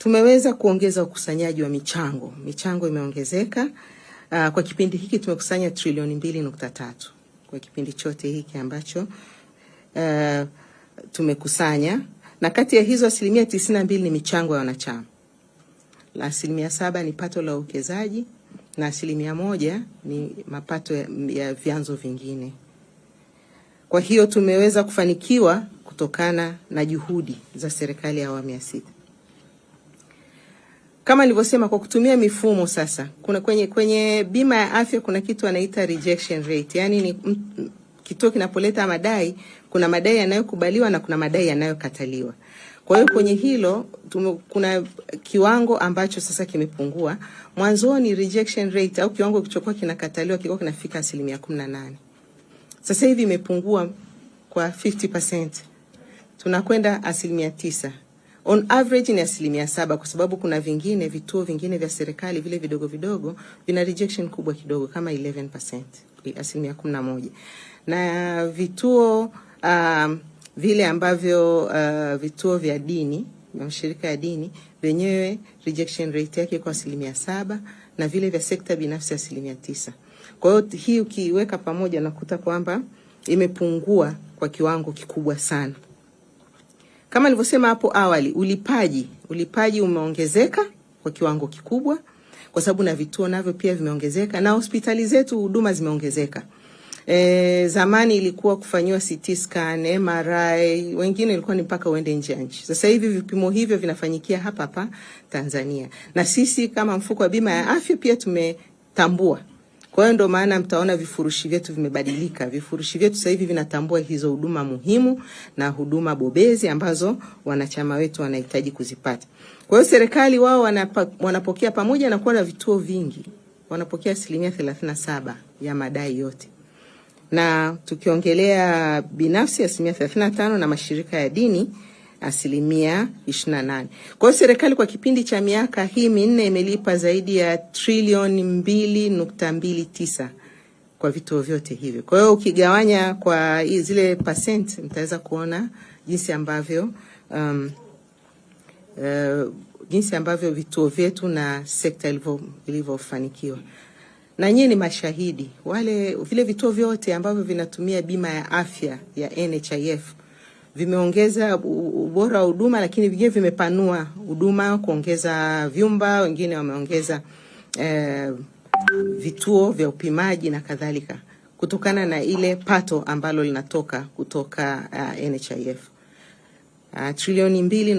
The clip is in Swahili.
Tumeweza kuongeza ukusanyaji wa michango. Michango imeongezeka uh, kwa kipindi hiki tumekusanya trilioni mbili nukta tatu kwa kipindi chote hiki ambacho uh, tumekusanya, na kati ya hizo asilimia tisini na mbili ni michango ya wanachama, asilimia saba ni pato la uwekezaji na asilimia moja ni mapato ya, ya vyanzo vingine. Kwa hiyo tumeweza kufanikiwa kutokana na juhudi za serikali ya awamu ya sita kama nilivyosema, kwa kutumia mifumo sasa, kuna kwenye, kwenye bima ya afya kuna kitu anaita rejection rate, yani ni kituo kinapoleta madai, kuna madai yanayokubaliwa na kuna madai yanayokataliwa. Kwa hiyo kwenye hilo tume, kuna kiwango ambacho sasa kimepungua. Mwanzoni rejection rate au kiwango kilichokuwa kinakataliwa kilikuwa kinafika asilimia kumi na nane, sasa hivi imepungua kwa 50%, tunakwenda asilimia tisa on average ni asilimia saba, kwa sababu kuna vingine vituo vingine vya serikali vile vidogo vidogo vina rejection kubwa kidogo kama 11%, asilimia 11, na vituo um, vile ambavyo uh, vituo vya dini na mashirika ya dini vyenyewe rejection rate yake kwa asilimia saba na vile vya sekta binafsi asilimia tisa. Kwa hiyo hii ukiweka pamoja, nakuta kwamba imepungua kwa kiwango kikubwa sana. Kama nilivyosema hapo awali, ulipaji ulipaji umeongezeka kwa kiwango kikubwa, kwa sababu na vituo navyo pia vimeongezeka na hospitali zetu huduma zimeongezeka. E, zamani ilikuwa kufanyiwa CT scan, MRI, wengine ilikuwa ni mpaka uende nje ya nchi. Sasa hivi vipimo hivyo vinafanyikia hapa hapa Tanzania, na sisi kama mfuko wa bima ya afya pia tumetambua kwa hiyo ndio maana mtaona vifurushi vyetu vimebadilika. Vifurushi vyetu sasa hivi vinatambua hizo huduma muhimu na huduma bobezi ambazo wanachama wetu wanahitaji kuzipata. Kwa hiyo serikali wao wanapa, wanapokea pamoja na kuwa na vituo vingi wanapokea asilimia thelathini saba ya madai yote, na tukiongelea binafsi asilimia thelathini tano na mashirika ya dini asilimia 28. Kwa hiyo serikali kwa kipindi cha miaka hii minne imelipa zaidi ya trilioni 2.29 kwa vituo vyote hivyo. Kwa hiyo ukigawanya kwa zile percent mtaweza kuona jinsi ambavyo um, uh, jinsi ambavyo vituo vyetu na sekta ilivyofanikiwa na nyie ni mashahidi wale, vile vituo vyote ambavyo vinatumia bima ya afya ya NHIF vimeongeza ubora wa huduma, lakini vingine vimepanua huduma, kuongeza vyumba, wengine wameongeza eh, vituo vya upimaji na kadhalika, kutokana na ile pato ambalo linatoka kutoka uh, eh, NHIF uh, ah, trilioni mbili